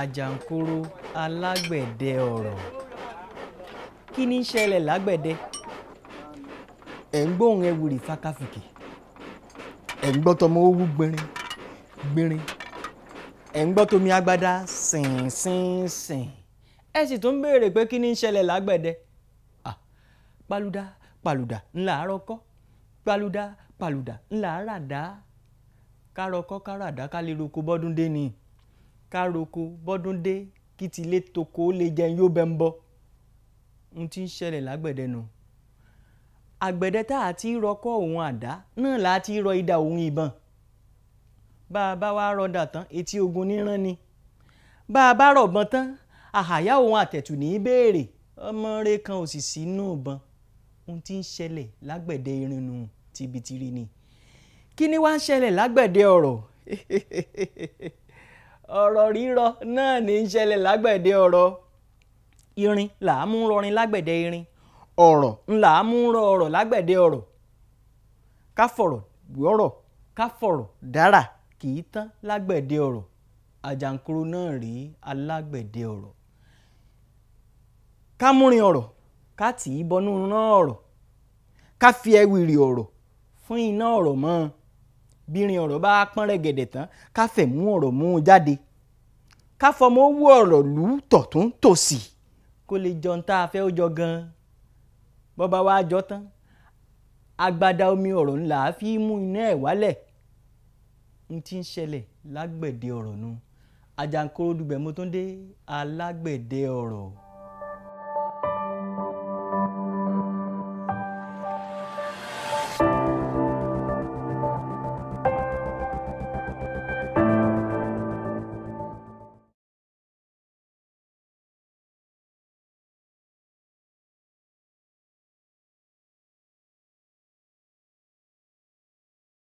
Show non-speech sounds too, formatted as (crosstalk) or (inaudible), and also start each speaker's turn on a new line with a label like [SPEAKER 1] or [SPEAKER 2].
[SPEAKER 1] àjàǹkóró alágbẹ̀dẹ ọ̀rọ̀ kí ni ń ṣẹlẹ̀ lágbẹ̀dẹ ẹ̀ ń gbóhùn ẹwùrì fákáfìkì ẹ̀ ń gbọ́ tọmọ owó gbìnrin gbìnrin ẹ̀ ń gbọ́ tomi agbádá sìnsìnsìn ẹ sì tún béèrè pé kí ni ń ṣẹlẹ̀ lágbẹ̀dẹ pálúdá pàlùdà ńlá àárọ̀kọ́ pálúdá pàlùdà ńlá àràdá kárọ̀kọ́ káràdá ká lè roko bọ́dún dé ni károko bọ́dúndé kí tilé toko lè jẹun yóò bẹ́ ń bọ́ ohun tí ń ṣẹlẹ̀ lágbẹ̀dẹ nù àgbẹ̀dẹ tá a ti rọkọ́ òun àdá náà là á ti rọ idà òun ìbọn bá a bá wá rọdà tán etí ogun níran ni bá a bá rọ̀bọ̀n tán àhàyá òun àtẹ̀tù ní í béèrè ọmọ rẹ kan ò sì sínú ìbọn ohun tí ń ṣẹlẹ̀ lágbẹ̀dẹ irinnu tibitiri ni kí ni wá ń ṣẹlẹ̀ lágbẹ̀dẹ ọ̀rọ̀ (laughs) ọ̀rọ̀ rírọ náà ní í ṣẹlẹ̀ lágbẹ̀dẹ ọ̀rọ̀ irin là á mú rọrin lágbẹ̀dẹ irin ọ̀rọ̀ ńlá á mú rọ ọ̀rọ̀ lágbẹ̀dẹ ọ̀rọ̀ ká fọ̀rọ̀ gbọ́rọ̀ ká fọ̀rọ̀ dára kì í tán lágbẹ̀dẹ ọ̀rọ̀ àjàǹkóró náà rí alágbẹ̀dẹ ọ̀rọ̀ ká múrin ọ̀rọ̀ ká tì í bọnú fi ẹwìrì ọ̀rọ̀ fún iná ọ̀rọ̀ mọ́ bírin ọ̀rọ̀ bá pọ́n rẹ́gẹ̀dẹ̀ tán ká fẹ̀mú ọ̀rọ̀ mú un jáde ká fọmọ owó ọ̀rọ̀ lù ú tọ̀tún tòsì kó lè jọ tá a fẹ́ ó jọ gan-an bọ́ba wa jọ tán agbada omi ọ̀rọ̀ ńlá fi mú iná ẹ̀ wálẹ̀ n ti ń ṣẹlẹ̀ lágbẹ̀dẹ ọ̀rọ̀ nu Àjàǹkòrò dùgbẹ̀ mo ọ̀rọ̀.